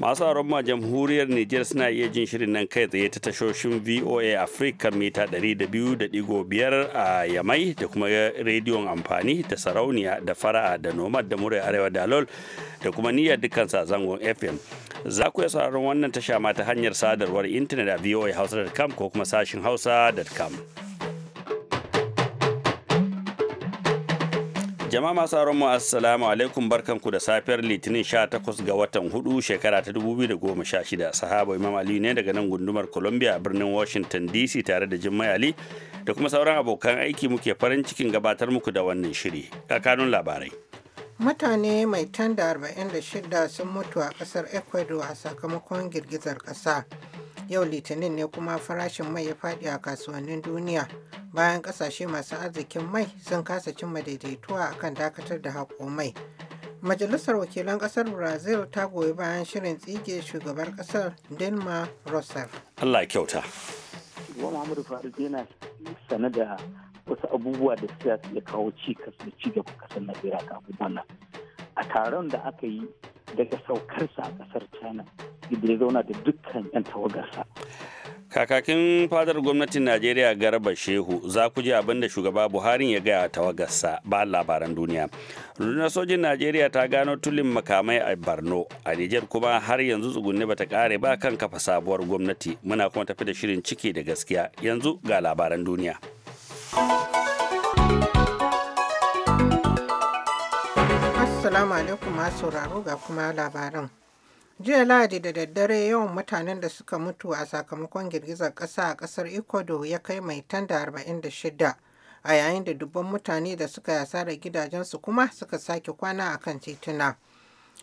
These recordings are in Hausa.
masu aron ma jamhuriyar niger suna iya jin shirin nan kai tsaye ta tashoshin voa africa mita 200.5 a yamai da kuma rediyon amfani da sarauniya da fara'a da nomad da murai arewa da lol da kuma niyyar dukkan zangon fm za ku iya sauraron wannan tasha ma ta hanyar sadarwar intanet a voa hausa.com ko kuma sashin hausa.com Jama'a masu aron mu assalamu alaikum ku da safiyar Litinin 18 ga watan hudu shekara ta 2016. Sahaba Imam Ali ne daga nan gundumar Columbia birnin Washington DC tare da Jummai Ali da kuma sauran abokan aiki muke farin cikin gabatar muku da wannan shiri. Kakanun labarai. Mutane mai tanda 46 sun mutu a kasar Ecuador a sakamakon girgizar kasa. yau litinin ne kuma farashin mai ya faɗi a kasuwannin duniya bayan kasashe masu arzikin mai sun kasa cimma daidaituwa kan dakatar da haƙo mai majalisar wakilan ƙasar brazil ta goyi bayan shirin tsige shugabar ƙasar dilma rosar. allah kyauta wa muhammadu faruk yana sane da wasu abubuwa da suka ya kawo cikas da cigaba kasar najeriya kafin wannan a taron da aka yi daga saukarsa a kasar china inda ya zauna da dukkan 'yan tawagarsa kakakin fadar gwamnatin najeriya garba shehu za ku ji abin da shugaba buhari ya gaya tawagarsa ba labaran duniya rundunar sojin najeriya ta gano tulin makamai a Borno, a nijar kuma har yanzu tsugunni bata kare ba kan kafa sabuwar gwamnati muna kuma tafi da shirin ciki da gaskiya yanzu ga labaran duniya Assalamu alaikum masu sauraro ga kuma labaran. Jiya Lahadi da daddare yawan mutanen da suka mutu a sakamakon girgizar ƙasa a ƙasar Ecuador ya kai mai da 46 a yayin da dubban mutane da suka yasara gidajensu kuma suka sake kwana a kan tituna.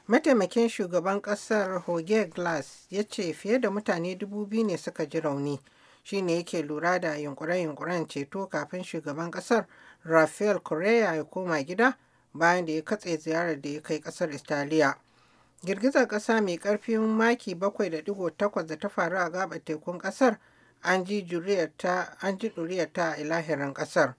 Mataimakin shugaban ƙasar hoge Glass ya ce fiye da mutane dubu biyu ne suka ji rauni. Shi ne yake lura da yunkure-yunkuren ceto kafin shugaban ƙasar Rafael Correa ya koma gida bayan da ya katse ziyarar da ya kai kasar Italiya. Girgizar ƙasa mai ƙarfin maki 7.8 da ta faru a gabar tekun ƙasar an ji ɗuriyarta a ilahirin ƙasar.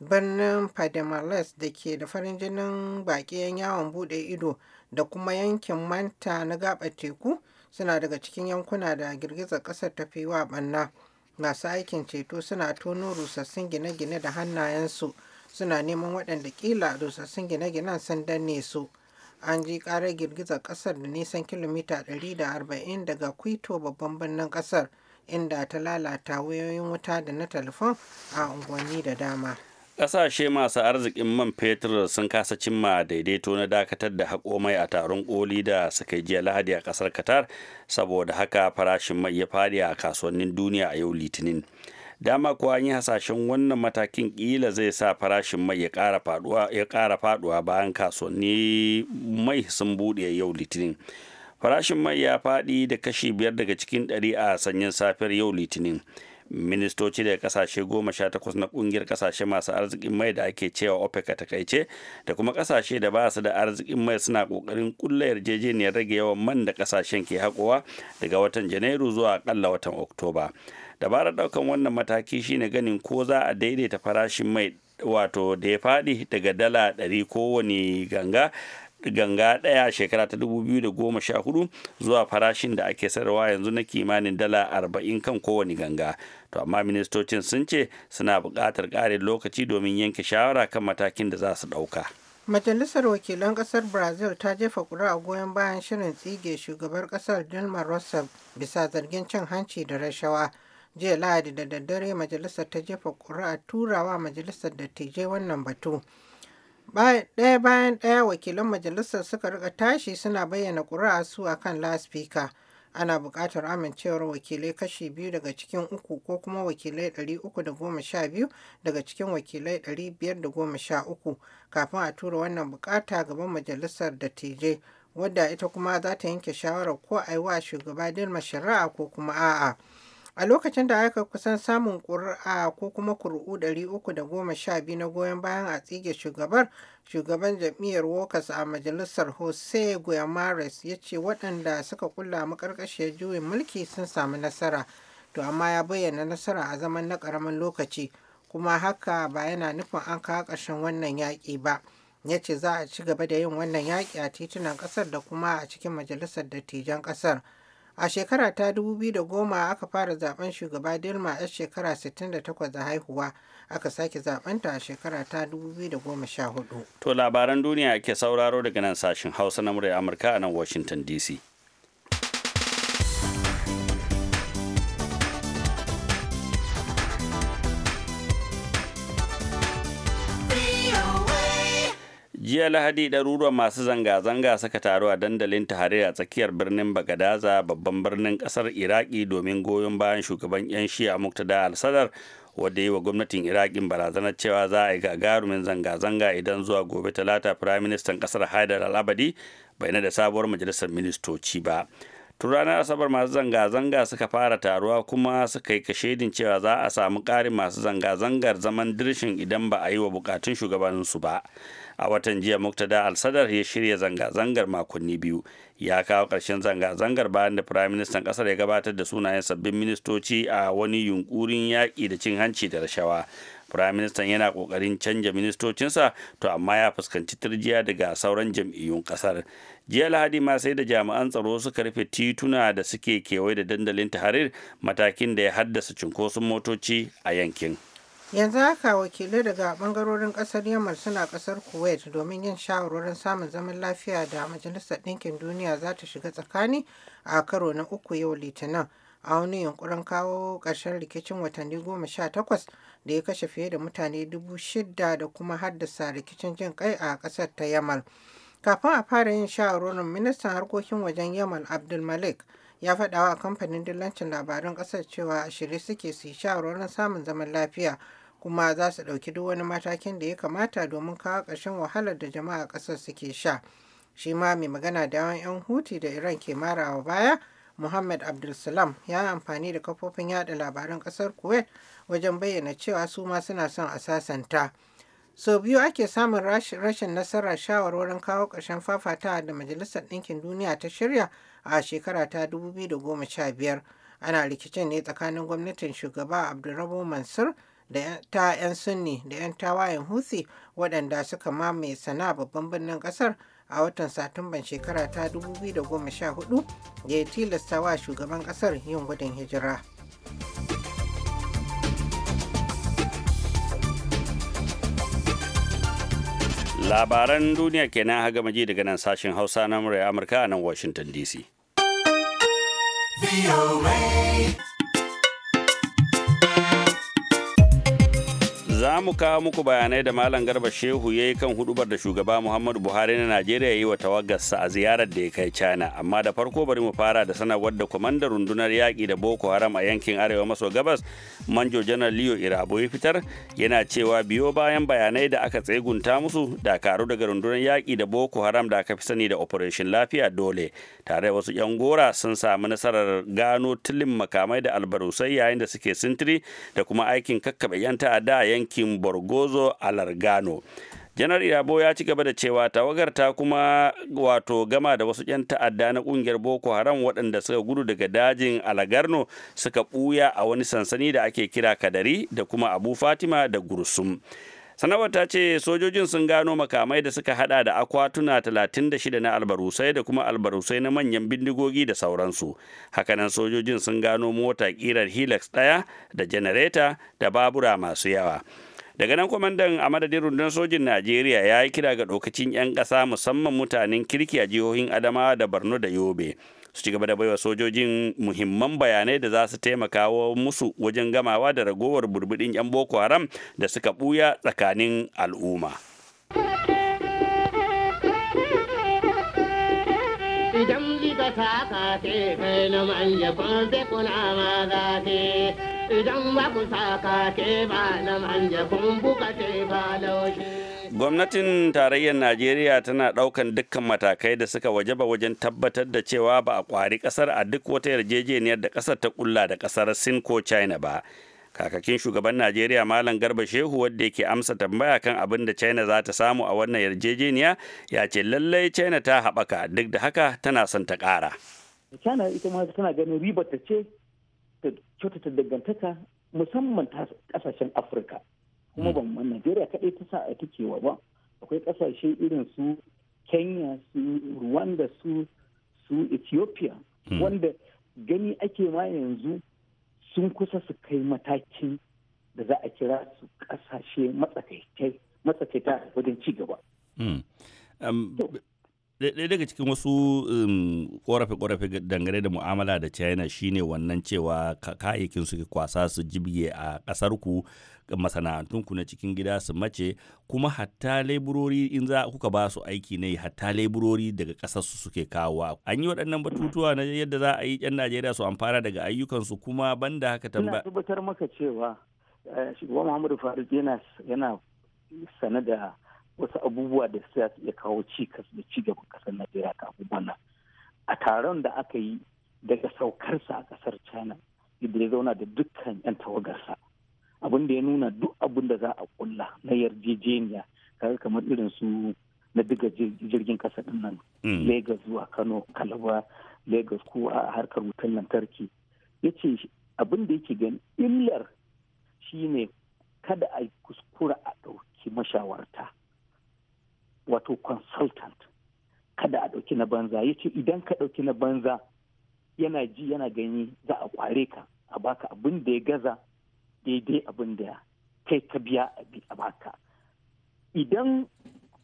Birnin Pademales da ke da farin jinin baƙiyan yawon buɗe ido da kuma yankin Manta na gabar teku suna daga cikin yankuna da girgizar ƙasar ta fi wa ɓanna. Masu aikin ceto suna tono rusassun gine-gine da hannayensu. suna neman waɗanda ƙila dusassun gine-ginen sun danne su an ji ƙarar girgizar ƙasar da nisan kilomita 140 daga kwito babban birnin ƙasar inda ta lalata wayoyin wuta da na talifon a unguwanni da dama ƙasashe masu arzikin man fetur sun kasa cimma daidaito na dakatar da haƙo mai a taron ƙoli da suka jiya lahadi a ƙasar qatar saboda haka farashin mai ya faɗi a kasuwannin duniya a yau litinin dama kuwa an yi hasashen wannan matakin ƙila zai sa farashin mai ya ƙara faduwa bayan kasuwanni mai sun buɗe yau litinin farashin mai ya faɗi da kashi biyar daga cikin ɗari a sanyin safiyar yau litinin ministoci daga kasashe goma sha takwas na kungiyar kasashe masu arzikin mai da ake cewa opec a takaice da kuma kasashe da ba su da arzikin mai suna kokarin kulla yarjejeniyar rage yawan man da kasashen ke haƙowa daga watan janairu zuwa akalla watan oktoba dabarar daukan wannan mataki shine ganin ko za a daidaita farashin mai wato da ya faɗi daga dala ɗari kowane ganga ganga ɗaya shekara ta 2014 zuwa farashin da ake sayarwa yanzu na kimanin dala 40 kan kowane ganga to amma ministocin sun ce suna bukatar ƙarin lokaci domin yanke shawara kan matakin da za su ɗauka majalisar wakilan ƙasar brazil ta jefa ƙuri'a goyon bayan shirin tsige shugabar ƙasar dilma rousseff bisa zargin cin hanci da rashawa jiya lahadi da daddare majalisar ta jefa ƙuri'a turawa majalisar dattijai wannan batu ɗaya bayan ɗaya wakilan majalisar suka rika tashi suna bayyana kuri'a su a kan laspika ana buƙatar amincewar wakilai kashi biyu daga cikin uku ko kuma wakilai ɗari uku da goma sha biyu daga cikin wakilai ɗari biyar da goma sha uku, kafin a tura wannan buƙata gaban majalisar dattijai wadda ita kuma za ta yanke shawarar ko a yi wa shugaba dilma shari'a ko kuma a'a. A lokacin da aka kusan samun ƙuri'a ko kuma ƙuri'u 312 na goyon bayan a tsige shugabar, shugaban jam'iyyar wokas a majalisar Jose Guimaraes ya ce waɗanda suka kulla makarkashiyar juyin mulki sun samu nasara, to amma ya bayyana nasara a zaman na ƙaramin lokaci, kuma haka ba yana nufin an kawo ƙarshen wannan yaƙi ba. ya ce za a ci gaba da yin wannan yaƙi a titunan ƙasar da kuma a cikin majalisar dattijan ƙasar. A shekara ta 2010 aka fara zaben shugaba Dilma 'yar shekara 68 da haihuwa aka sake zabenta a shekara ta 2014. To labaran duniya ke sauraro daga nan sashen Hausa na murya Amurka a nan Washington DC. jiya lahadi ɗaruruwan masu zanga-zanga suka taru a dandalin tahrir a tsakiyar birnin bagadaza babban birnin ƙasar iraki domin goyon bayan shugaban 'yan shi'a muktada al-sadar wadda yi wa gwamnatin iraki barazanar cewa za a yi gagarumin zanga-zanga idan zuwa gobe talata firaministan ƙasar haidar al-abadi bai na da sabuwar majalisar ministoci ba tun ranar asabar masu zanga-zanga suka fara taruwa kuma suka yi kashedin cewa za a samu ƙarin masu zanga-zangar zaman dirshin idan ba a yi wa bukatun shugabansu ba a watan jiya muktada al-sadar ya shirya zanga-zangar makonni biyu ya kawo ƙarshen zanga-zangar bayan da Firaministan ƙasar ya gabatar da sunayen sabbin ministoci a wani yunkurin yaƙi da cin hanci da rashawa Firaministan yana ƙoƙarin canja ministocinsa to amma ya fuskanci turjiya daga sauran jam'iyyun ƙasar jiya lahadi ma sai da jami'an tsaro suka rufe tituna da suke kewaye da dandalin taharir matakin da ya haddasa cunkoson motoci a yankin. Yanzu haka wakilai daga bangarorin kasar Yamal suna kasar Kuwait domin yin shawarwarin samun zaman lafiya da Majalisar Ɗinkin Duniya za ta shiga tsakani a karo na uku yau Litinin a wani yunkurin kawo ƙarshen rikicin watanni goma sha takwas da ya kashe fiye da mutane dubu shida da kuma haddasa rikicin jin kai a ƙasar ta Yamal. Kafin a fara yin shawarwarin ministan harkokin wajen Yamal Abdulmalik ya faɗa wa kamfanin dillancin labarun ƙasar cewa a shirye suke su yi shawarwarin samun zaman lafiya kuma za su ɗauki duk wani matakin da ya kamata domin kawo ƙarshen wahalar da jama'a ƙasar suke sha shi ma mai magana da yawan 'yan huti da iran ke marawa baya Muhammad Abdulsalam ya yi amfani da kafofin yada labaran ƙasar Kuwait wajen bayyana cewa su ma suna son a sasanta. So biyu ake samun rashin nasara shawarwarin kawo ƙarshen fafatawa da Majalisar Ɗinkin Duniya ta shirya a shekara ta 2015. Ana rikicin ne tsakanin gwamnatin shugaba Abdurrabu Mansur da ta 'yan Sunni da 'yan tawayen Houthi waɗanda suka mamaye sana'a babban birnin ƙasar a watan Satumban shekara ta 2014 da ya tilasta wa shugaban ƙasar yin gudun hijira. labaran duniya kenan haga maji daga nan sashen hausa na murai amurka a nan washington dc za mu kawo muku bayanai da malam garba shehu ya yi kan hudubar da shugaba muhammadu buhari na najeriya ya yi wa tawagarsa a ziyarar da ya kai china amma da farko bari mu fara da sanarwar da kwamandan rundunar yaƙi da boko haram a yankin arewa maso gabas manjo janar liyo irabo ya fitar yana cewa biyo bayan bayanai da aka tsegunta musu dakaru daga rundunar yaƙi da boko haram da aka fi sani da operation lafiya dole tare wasu yan gora sun samu nasarar gano tilin makamai da albarusai yayin da suke sintiri da kuma aikin kakkaɓe yan ta'adda a yankin yankin borgozo a largano janar irabo ya ci gaba da cewa tawagar ta kuma wato gama da wasu 'yan ta'adda na kungiyar boko haram waɗanda suka gudu daga dajin alagarno suka ɓuya a wani sansani da ake kira kadari da kuma abu fatima da gursum Sanawar ta ce sojojin sun gano makamai da suka hada da akwatuna 36 na albarusai da kuma albarusai na manyan bindigogi da sauransu hakanan sojojin sun gano mota kirar Helix daya da janareta da babura masu yawa daga nan kwamandan a madadin rundunar sojin najeriya ya yi kira ga dokacin 'yan ƙasa musamman mutanen kirki a jihohin adamawa da borno da yobe su ci gaba da baiwa sojojin muhimman bayanai da za su taimaka wa musu wajen gamawa da ragowar burbudin 'yan boko haram da suka buya tsakanin al'umma idan ji ta ka ce kai na manya kwan kuna ma za Gwamnatin tarayyar Najeriya tana ɗaukan dukkan matakai da suka waje ba wajen tabbatar da cewa ba a kwari ƙasar a duk wata yarjejeniyar da ƙasar ta ƙulla da ƙasar Sin ko China ba. Kakakin shugaban Najeriya Malam Garba Shehu wadda yake amsa tambaya kan abin da China za ta samu a wannan yarjejeniya ya ce lallai China ta haɓaka duk da haka tana son ta ƙara. China ita ma tana ganin ribar ta kyautata dangantaka musamman ta kasashen afirka kuma hmm. ban ma najeriya kaɗai ta sa ta tukewa ba akwai kasashe irin su kenya su rwanda su su ethiopia hmm. wanda gani ake ma yanzu sun kusa su kai matakin da za a kira su kasashe matsakaita wajen ci gaba. Hmm. Um, ɗaya daga cikin wasu um, ƙorafe-ƙorafe dangane da mu'amala da china shine wannan cewa kayayyakin suke kwasa su jibge a ƙasar ku masana'antunku na cikin gida su mace kuma hatta laiburori in za kuka ba su aiki ne hatta laiburori daga ƙasar su suke kawo an yi waɗannan batutuwa na yadda za a yi 'yan najeriya su amfana daga ayyukansu kuma banda haka tambaya. ina tabbatar maka cewa eh, shugaban muhammadu faruk yana yana sane da wasu abubuwa da su iya kawo cikas da ci gaban kasar najeriya ta abubuwan nan a taron da aka yi daga saukarsa a kasar china idan ya zauna da dukkan 'yan tawagarsa abin da ya nuna duk abin da za a kulla na yarjejeniya kaga kamar irin su na diga jirgin kasa din nan mm. lagos zuwa kano kalaba lagos ko a harkar wutan lantarki ya ce abin da yake gani illar shine kada a kuskura a ɗauki mashawarta wato consultant kada a ɗauki na banza ya ce idan ka ɗauki na banza yana ji yana gani za a kware ka a baka abin da ya gaza daidai abin da kai ka biya a baka idan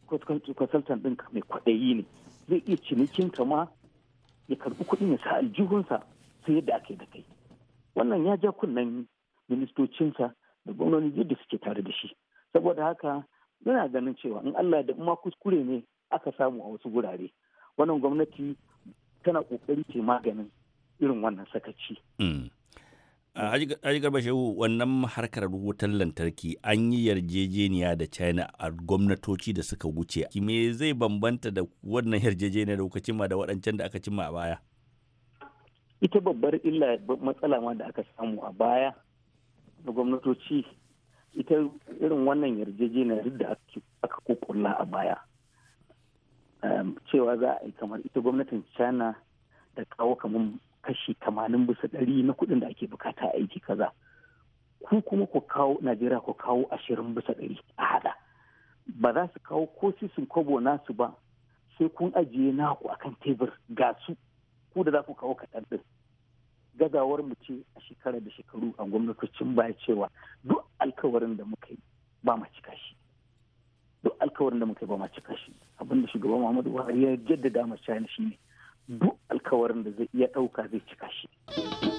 consultant ɗinka mai kwaɗayi ne zai iya cinikin ka ma ya karɓi kuɗin ya sa aljihunsa sai yadda aka da kai wannan ya ja kunnen ministocinsa da gwamnoni yadda suke tare da shi saboda haka yana ganin cewa in Allah da ma kuskure ne aka samu a wasu gurare wannan gwamnati tana kokari ce maganin irin wannan sakaci. Hmm. Ah, ji Garba Shehu wannan harkar wutar lantarki an yi yarjejeniya da China a gwamnatoci da suka wuce. Me zai bambanta da wannan yarjejeniya da kuka cimma da waɗancan da aka cimma a baya? Ita babbar illa matsala ma da aka samu a baya da gwamnatoci ita irin wannan yarjejeniyar da aka kokulla a baya um, cewa za a yi kamar ita gwamnatin china da kawo kamar kashi 80 bisa ɗari na kuɗin da ake bukata aiki kaza ku kuma ku kawo najeriya ku kawo 20 bisa ɗari a hada ba za su kawo ko sisin kobo nasu ba sai kun ajiye naku akan tebur ga su ku da za ku kawo kaɗan ɗin gazawar mu ce a shekara da shekaru a gwamnatocin baya cewa duk alkawarin da muka yi ba ma cika shi duk alkawarin da muka yi ba ma cika shi abin da shugaban Muhammadu Buhari ya jaddada mu shine duk alkawarin da zai iya ɗauka zai cika shi.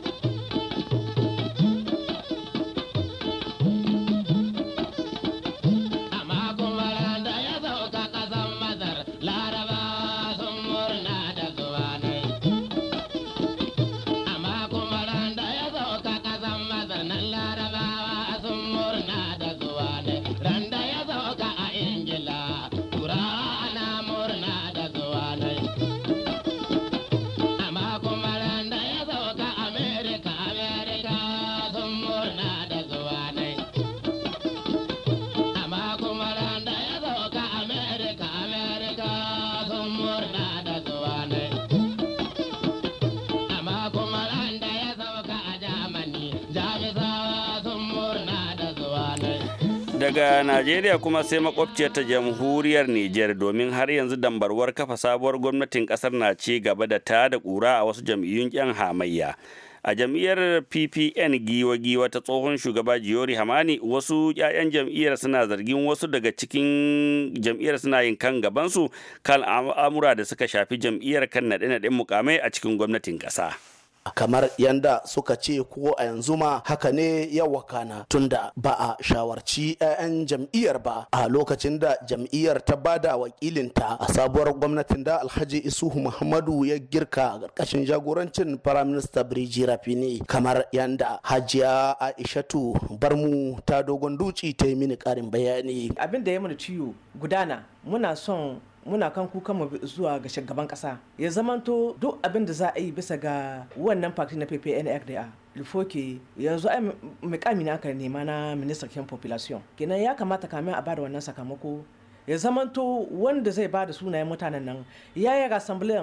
daga najeriya kuma sai makwabciyar ta jamhuriyar Nijar domin har yanzu dambarwar kafa sabuwar gwamnatin kasar na ci gaba da ta da kura a wasu jam'iyyun yan hamayya a jam'iyyar ppn giwa-giwa ta tsohon shugaba jiyori hamani wasu 'ya'yan jam'iyyar suna zargin wasu daga cikin jam'iyyar suna yin kan gabansu kan al'amura da suka shafi jam'iyyar kan naɗe-naɗen mukamai a cikin gwamnatin ƙasa. kamar yanda suka ce ko a yanzu ma haka ne yau wakana tunda ba a shawarci 'ya'yan jam'iyyar ba a lokacin da jam'iyyar ta bada wakilinta a sabuwar gwamnatin da alhaji isuhu muhammadu ya girka a ƙarƙashin jagorancin firaminista birji rafini kamar yanda hajiya aishatu barmu ta dogon duci ta yi mini ƙarin bayani abin da ya mana ciwo gudana muna son muna kan kuka mu zuwa ga shugaban kasa ya zamanto duk abin da za a yi bisa ga wannan fakti na PPNR da lufoke yanzu ai mukami na aka nema na minister kyan population kenan ya kamata kamin a bada wannan sakamako ya zamanto wanda zai ba da sunayen mutanen nan ya yi assembly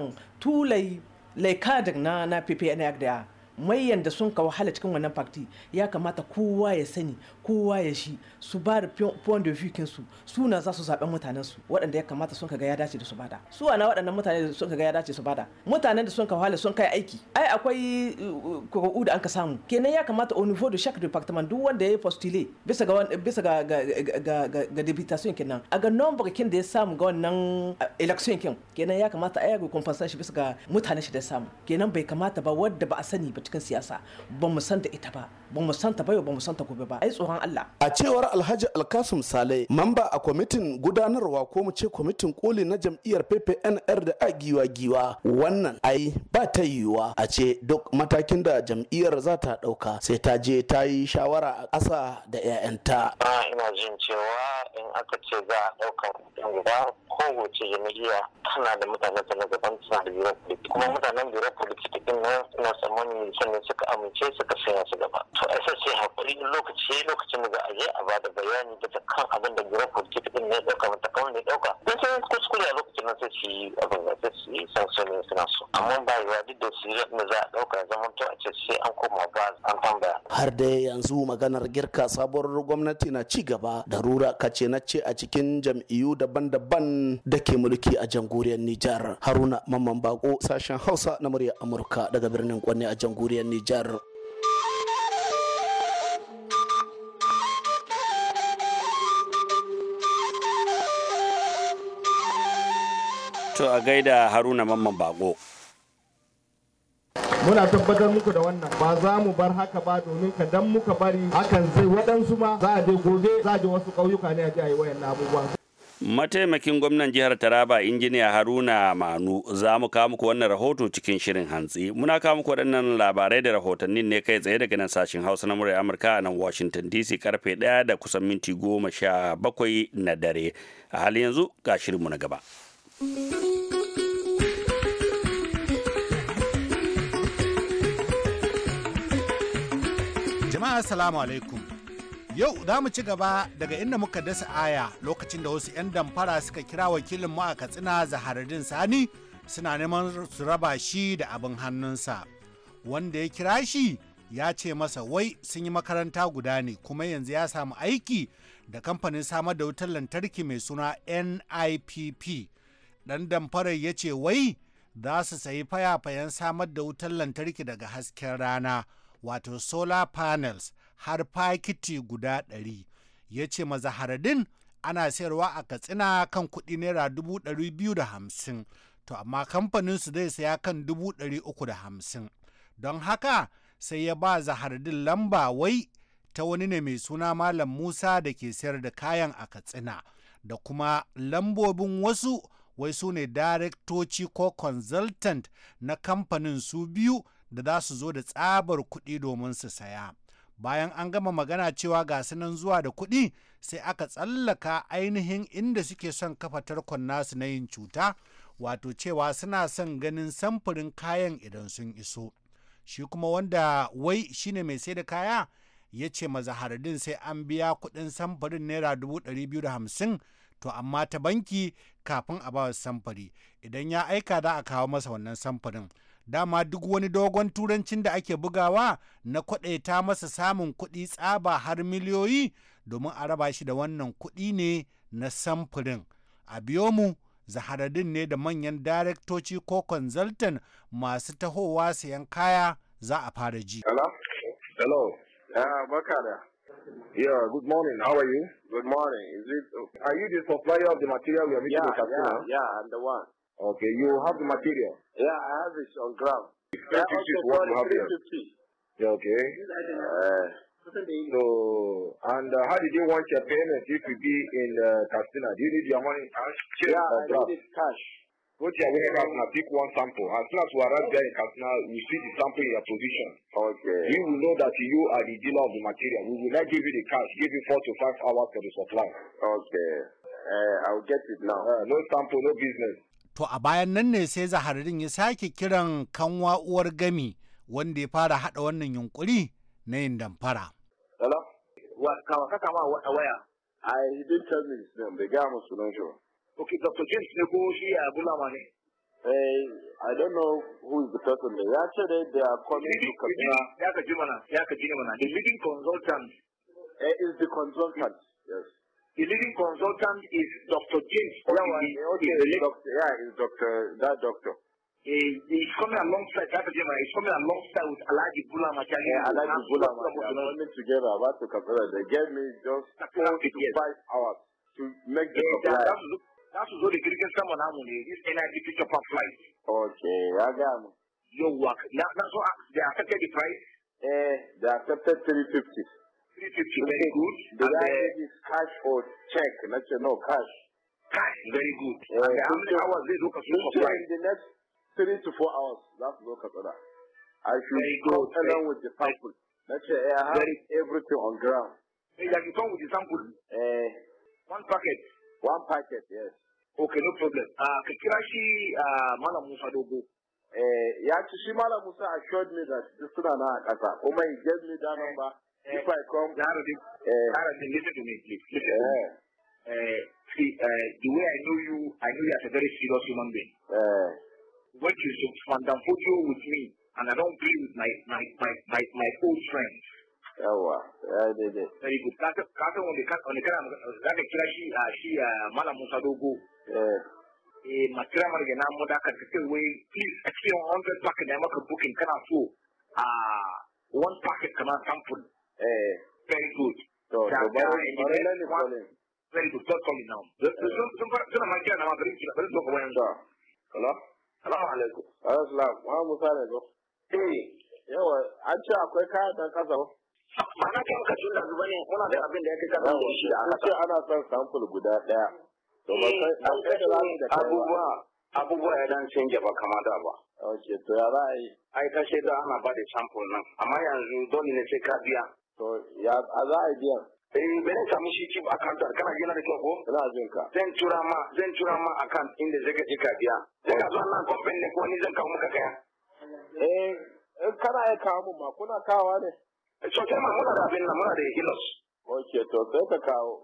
tulai laikadin na na PPNR da mayan da sun ka wahala cikin wannan fakti ya kamata kowa ya sani kowa ya shi su ba da point of view su na za su zaɓen mutanen su waɗanda ya kamata sun ka ga ya dace da su bada su ana waɗannan mutane da sun ka ga ya dace su bada mutanen da sun ka wahala sun kai aiki ai akwai uh, kuru'u da an ka samu kenan ya kamata au niveau de chaque département duk wanda ya yi postulé bisa ga bisa ga ga ga kenan a ga number kin da ya samu ga wannan uh, election kin kenan ya kamata ai ga compensation bisa ga mutanen shi da samu kenan bai kamata ba wanda ba a sani ba cikin siyasa ba mu santa ita ba ba mu santa ba ba mu santa gobe ba ai tsoron Allah a cewar Alhaji Alkasim Sale mamba a kwamitin gudanarwa ko mu ce kwamitin koli na jam'iyyar PPNR da a giwa wannan ai ba ta yiwuwa a ce duk matakin da jam'iyyar za ta dauka sai ta je ta yi shawara a ƙasa da 'ya'yanta ina jin cewa in aka ce za a ɗaukar ko kowace jam'iyya tana da mutanen da na gaban tana da kuma mutanen biro politik din nan suna tsammani sannan suka amince suka sanya su gaba to ai sai sai hakuri in lokaci lokacin da za a je a bada bayani da kan abin da gidan kurki din ne dauka mata kawai ne dauka dan sai kuskure a lokacin nan sai su yi abin da sai su yi sansanin suna so amma ba yawa duk da su yi da za a dauka zaman to a ce sai an koma ba an tambaya har da yanzu maganar girka sabuwar gwamnati na ci gaba da rura kace na ce a cikin jam'iyyu daban-daban da ke mulki a jamhuriyar Nijar Haruna Mamman Bako sashen Hausa na murya Amurka daga birnin Kwanne a jamhuriyar jamhuriyar Nijar. To a gaida Haruna Mamman Bago. muna tabbatar muku da wannan ba za mu bar haka ba domin ka dan muka bari hakan zai waɗansu ma za a je gobe za a je wasu ƙauyuka ne a je a yi wayan abubuwa Mataimakin gwamnan jihar Taraba injiniya Haruna Manu za mu kawo muku wannan rahoto cikin shirin hantsi. Muna kawo muku waɗannan labarai da rahotannin ne kai tsaye daga nan sashen Hausa na muryar Amurka a nan Washington DC karfe ɗaya da kusan minti goma sha bakwai na dare. A halin yanzu ga shirinmu na gaba. Jama'a salamu alaikum. Yau za mu ci gaba daga inda muka dasa aya lokacin da wasu 'yan damfara suka kira wakilin mu a Katsina Zaharuddin Sani suna neman su raba shi da abin hannunsa. Wanda ya kira shi ya ce masa wai sun yi makaranta guda ne kuma yanzu ya samu aiki da kamfanin samar da wutar lantarki mai suna NIPP. Dan damfarar ya ce wai za su sayi faya fayafayen samar da wutar lantarki daga hasken rana wato solar panels har fakiti guda ɗari ya ce mazaharadin ana sayarwa a katsina kan kuɗi naira dubu ɗari biyu da hamsin to amma kamfanin su zai saya kan dubu ɗari uku da hamsin don haka sai ya ba zahardin lamba wai ta wani ne mai suna malam musa da ke sayar da kayan a katsina da kuma lambobin wasu wai su ne ko consultant na kamfanin su biyu da za su zo da tsabar kuɗi domin su saya. Bayan an gama magana cewa ga sunan zuwa da kuɗi sai aka tsallaka ainihin inda suke son kafa tarkon nasu na yin cuta, wato cewa suna son ganin samfurin kayan idan sun iso. Shi kuma wanda wai shine mai sai da kaya ya ce mazaharadin sai an biya kuɗin samfurin naira dubu ɗari biyu da hamsin to amma ta banki kafin a ba samfuri idan ya aika da a kawo masa wannan samfurin. dama duk wani dogon turancin da ake bugawa na kwaɗaita masa samun kuɗi tsaba har miliyoyi domin a raba shi da wannan kuɗi ne na samfurin a biyo mu zahararrun ne da manyan daraktoci ko consultant masu tahowa sayan kaya za a fara ji. Hello? Hello? Ah, Okay, you have the material. Yeah, I have it on ground. Yeah, is what you have here. Yeah, okay. Uh, so, and uh, how did you want your payment if you be in uh, Castina? Do you need your money cash? Yeah, I draft? need cash. Go to your warehouse and pick one sample. As soon as we arrive there in Castina, we see the sample in your position. Okay. We will know that you are the dealer of the material. We will not give you the cash. Give you four to five hours for the supply. Okay. Uh, I'll get it now. Uh, no sample, no business. To a bayan nan ne sai zaharin ya sake kiran kanwa uwar gami wanda ya fara haɗa wannan yunkuri na yin damfara. Hello? Kawa kaka ma waya. I didn't tell me his name, bai gaya musu nan Okay, Dr. James ne ko shi a Bulama ne? Eh, I don't know who is the person there. Ya ce dai they are coming to Kaduna. Ya ka ji mana, ya ka ji mana. The leading consultant. Eh, is the consultant, yes. The leading consultant is Dr. James Olawale. Yeah, okay, Doctor, yeah, it's doctor, that doctor. He he's coming alongside, that gentleman is coming alongside with Alaji Bulam Achali. Yeah, Alaji Bulam Achali. They're coming together, about to Kapela. They gave me just four to yes. five hours to make the yeah, That, that's, that's what the Greek someone harmony, this NIP picture per flight. Okay, I got Your work. Now, that's what, they accepted the price? Eh, they accepted 350. 350 very good. The uh, guy is cash or check. Let's say no cash. Cash, very good. Uh, and uh, how many hours they look at In the next three to four hours, that's look at that. I should very go good. along with the sample. Let's say I have very everything on ground. Yeah, you come with the sample. Uh, one packet. One packet, yes. Okay, no problem. Uh, kakira shi uh, Malam Musa Dogo. Eh, ya ci shi Musa assured me that this suna na a Oh my, he gave me that eh. number before I come, Harry, uh, Harry, listen to me, please. Listen to me. Uh, see, uh, the way I know you, I know you as a very serious human being. Uh, when you fandanfojo with me, and I don't play with my my my my, my old friends. Yawa, ya daidai. Very good. Ka on the kara za ka kira shi a shi she Malam Musa Dogo. Eh. Eh, makira marga na mu da ka kace way, please a cikin 100 pack na maka booking kana so ah one packet kamar sample. Eh, very good. So, the one, na alaikum. Wa yawa ce akwai kaya dan kasa ba. ka da da abin da shi ana son sample guda daya. To ba sai an kai da abubuwa abubuwa ya dan ba kama da oh, ba. Ok, to ya za Ai, kashe da ana ba da sample nan, amma yanzu dole ne sai ka biya. To eh, ya za a biya. Eh Ina e jin e ka. Zan tura ma zan tura ma inda je ka biya. kofin ne ko ni zan kawo maka kaya. Eh ma kuna ne. So kai ma muna da abin nan muna da hilos. ka kawo.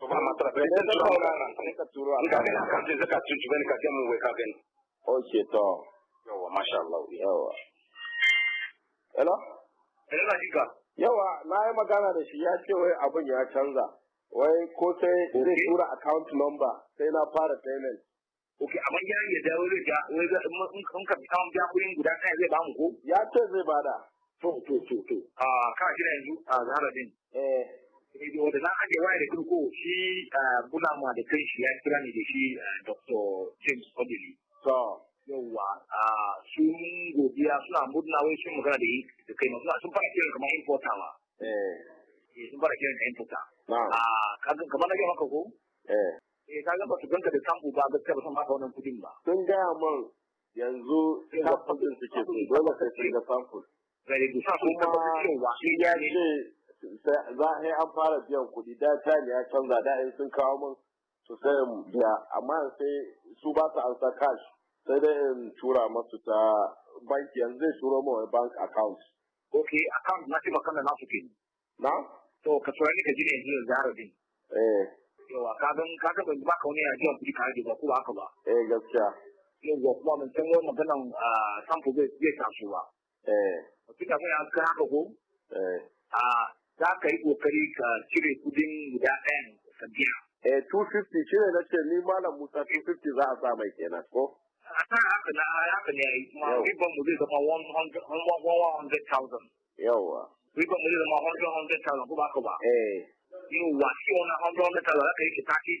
To ma nan. Ka ka gina account zai ka tuntuɓe ni ka wai ka yawa na yi magana da shi ya ce wai abin ya canza wai ko sai zai tura account number sai na fara payment ok amma ya ya dawo zai ga wai ga in kan ka bi kan biyan guda kai zai ba mu ko ya ce zai bada to to to to a ka kira yanzu a zahara din eh, eh wanda na aje waya da turko shi bulama da kai shi ya kira ni da shi eh, dr james odili to yawwa sun godiya suna murna wai sun magana da yi da kai masu sun fara kiran kamar importawa eh. eh, sun fara kiran da importa kamar na gaya maka ko eh. eh ka ga ba su ganka da sambu ba gaskiya ba san ba wannan kudin ba sun gaya man yanzu samfulin suke so dole sai sun ga samful gari gusa sun tabbatar cewa shi ya ce za a yi an fara biyan kuɗi da ta ne ya canza da in sun kawo min su sai biya amma sai su ba su ansa kashi sai dai in tura masu ta banki yanzu zai turo mawa bank account. Ok, account na ce makamda na suke. ke. Na? To, ka ne ka jini yanzu yanzu har din. Eh. Yawa, ka gan ka ga ba ka wani ajiyar kuɗi ka rage ba ko haka ba. Eh, gaskiya. Yawa, kuma mun san wani maganan ah, sample zai zai taso ba. Eh. Kuka ga ya ka haka ko? Eh. Ah, za ka yi kokari ka cire kuɗin guda ɗayan ka biya. Eh, 250 ne na ce ni malam Musa 250 za a sa mai kenan ko? akan haka na haka ne ai kuma riban mu zai zama 100,000 yawa riban mu zai zama 100,000 ko ba ka ba eh you wa shi ona 100,000 zaka yi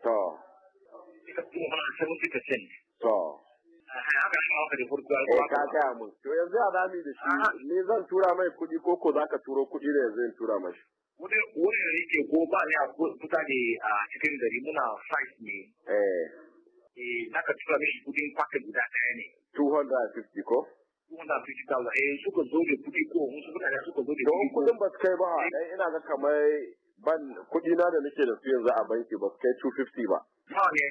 30 30% to ita kuma 70% to ka a rami da shi ne zan tura mai kuɗi ko ko za ka turo kuɗi da yanzu in tura mashi wurin da yake ko ne a kusa ne a cikin gari muna site ne eh. eh ka tura mishi kudin kwaka guda ɗaya ne. 250 ko? 250,000 eh suka zo da kudi ko wasu mutane suka zo da kudi. Don kudin ba su kai ba dan eh, ina ga kamar ban kudi na da nake da su yanzu a banki ba su kai 250 ba. Nawa ne?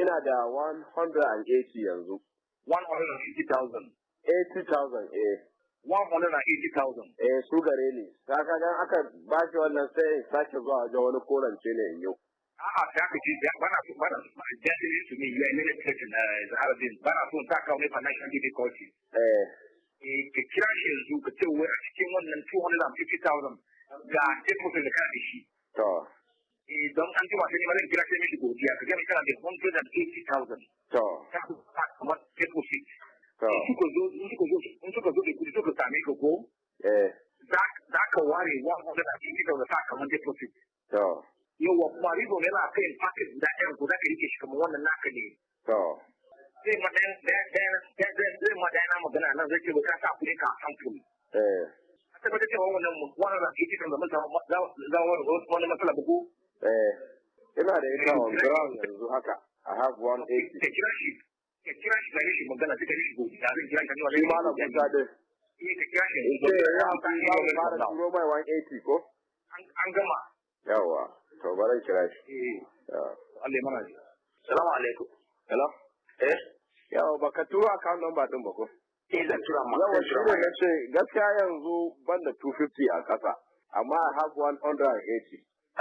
Ina da 180 yanzu. 180,000. 80,000 eh. 180,000. Eh su gare ni. Kaka dan aka ba shi wannan sai sake zuwa wajen wani korance ne in yau. a'a ta ka ce bana so bana so jahilin su min yi ne ta na zaharabin bana so ta kawo ne financial difficulty eh ka kira shi yanzu ka ce wai a cikin wannan 250,000 ga deposit da kana da shi to don an jima sai ma zan kira sai mishi godiya ka gani kana da 180,000 to ka kuma deposit to in suka zo in suka zo in da kudi suka same ka ko eh za ka ware 180,000 ta kamar deposit ne ba kai paket guda ɗaya guda ka rike shi wannan naka ne. To. Zai ma ɗaya magana nan zai ce ba ka sa ka san kuɗi. Eh. A tabbatar cewa wannan wannan na mutum cikin zaman zawar wani matsala ba Eh. Ina da ita on ground yanzu haka. I have one eighty. Ka kira shi. Ka kira shi gare shi magana sai shi gobe. Da zai kira ka ne wani. na kuka dai. Iya ka kira shi. Ita ya eh, fara turo mai one ko. An gama. Yawa. to bari kira shi kalle mara ji salamu alaikum hello eh yawa ba ka tura akawun number din ba ko eh zan tura ma yawa shi ne nace gaskiya yanzu ban da 250 a kasa amma i have 180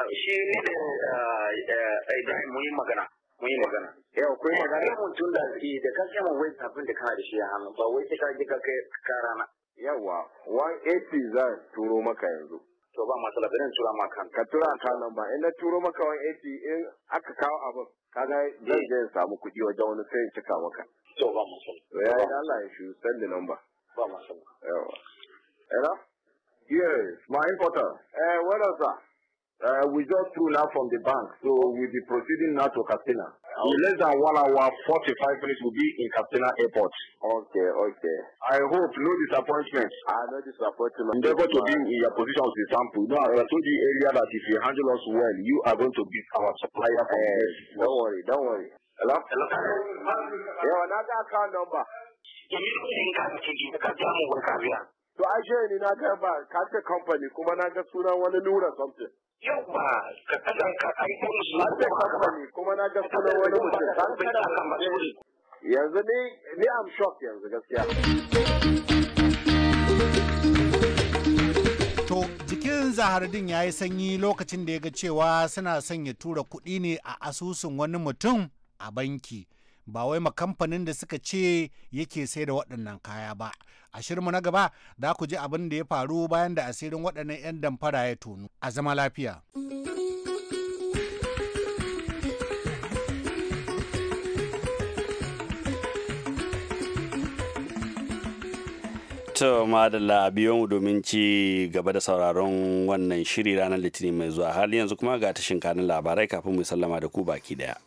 ah, shi ne da eh, eh, eh, Ibrahim mun yi magana mun yi magana yau kun magana ne mun tun da shi da ka kama wai tafin da kana da shi a hannu ba wai sai ka ji ka kai karana yawa 180 zan turo maka yanzu to ba matsala da nan tura maka ka tura ka nan ba in na turo maka wani eti in aka kawo abin kaga zan je in samu kuɗi wajen wani sai in cika maka to ba matsala to yayi Allah ya shi san da nan ba ba matsala yawa hello yes my importer eh what else sir uh, we just through now from the bank so we'll be proceeding now to casino In less than one hour, 45 minutes will be in Katsina Airport. Okay, okay. I hope no disappointment. I ah, no disappointment. Endeavor to be in your position as a sample. No, I told you earlier that if you handle us well, you are going to be our supplier. Uh, don't worry, don't worry. Hello? Hello? Yeah, another account number. To I join in another company, kuma na ga sunan wani nura something. yawwa ka kasan ka aiko musu lafiya ka ne kuma na ga sunan wani mutum an kada ka matsuri yanzu ni ni am shock yanzu gaskiya To jikin zahardin ya yi sanyi lokacin da ya ga cewa suna son ya tura kuɗi ne a asusun wani mutum a banki. ba wai ma kamfanin da suka ce yake sai da waɗannan kaya ba a shirmu na gaba za ku ji abin da ya faru bayan da asirin waɗannan 'yan damfara ya tonu a zama lafiya. to madalla a biyo mu domin ci gaba da sauraron wannan shiri ranar litinin mai zuwa hali yanzu kuma ga tashin kanin labarai kafin mu sallama da ku baki daya.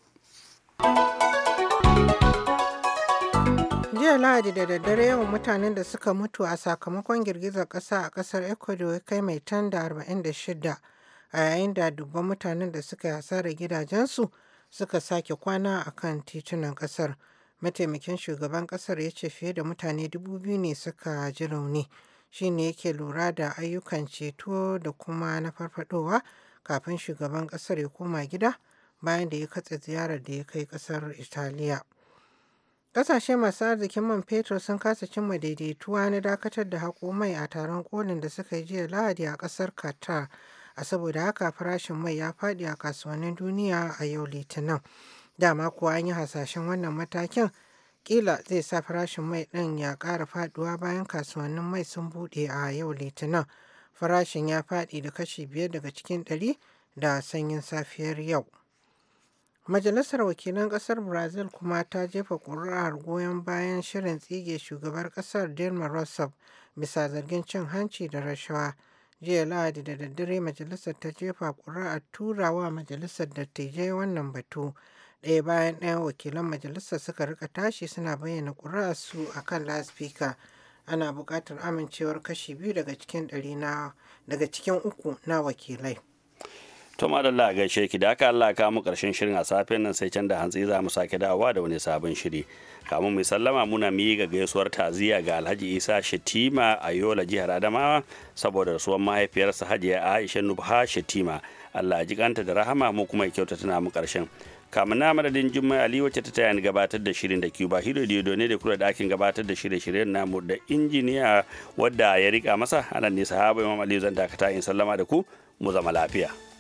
jiya lahadi da daddare yawan mutanen da suka mutu a sakamakon girgizar kasa a kasar ecuador kai mai tan da 46 a yayin da dubban mutanen da suka hasara gidajensu suka sake kwana a kan titunan kasar mataimakin shugaban kasar ya ce fiye da mutane dubu biyu ne suka ji rauni shi ne yake lura da ayyukan ceto da kuma na farfadowa kafin shugaban kasar ya koma gida bayan da ya katse ziyarar da ya kai kasar italiya Ƙasashe masu arzikin man fetur sun kasa cimma daidaituwa na dakatar da haƙo mai a taron kolin da suka yi jiya Lahadi a ƙasar Qatar, a saboda haka farashin mai ya faɗi a kasuwannin duniya a yau Litinin. Dama kuwa an yi hasashen wannan matakin ƙila zai sa farashin mai ɗin ya ƙara faɗuwa bayan kasuwannin mai sun buɗe a yau Litinin. Farashin ya faɗi da kashi biyar daga cikin ɗari da sanyin safiyar yau. Majalisar Wakilan Ƙasar Brazil kuma ta jefa ƙuri'ar goyon bayan shirin tsige shugabar ƙasar Dilma Rousseff bisa zargin cin hanci da rashawa. Jiya Lahadi da daddare majalisar ta jefa ƙuri'ar turawa majalisar dattijai wannan batu. Ɗaya bayan ɗaya wakilan majalisar suka rika tashi suna bayyana ƙuri'ar su a kan laspika. Ana buƙatar amincewar kashi biyu daga daga cikin uku na wakilai. to madalla a gaishe ki da haka Allah ka mu karshen shirin a safiyar nan sai can da hantsi za mu sake dawowa da wani sabon shiri kamun mai sallama muna miyi ga gaisuwar taziya ga Alhaji Isa Shatima a Yola jihar Adamawa saboda rasuwar mahaifiyarsa Hajiya Aisha Nubha Shatima Allah ji kanta da rahama mu kuma ya kyauta tana mu karshen kamun na madadin Jummai Ali wacce ta tayani gabatar da shirin da Cuba Hiro Diodo ne da kula da gabatar da shirye-shiryen namu da injiniya wadda ya rika masa anan ne sahaba Imam ali zan dakata in sallama da ku mu zama lafiya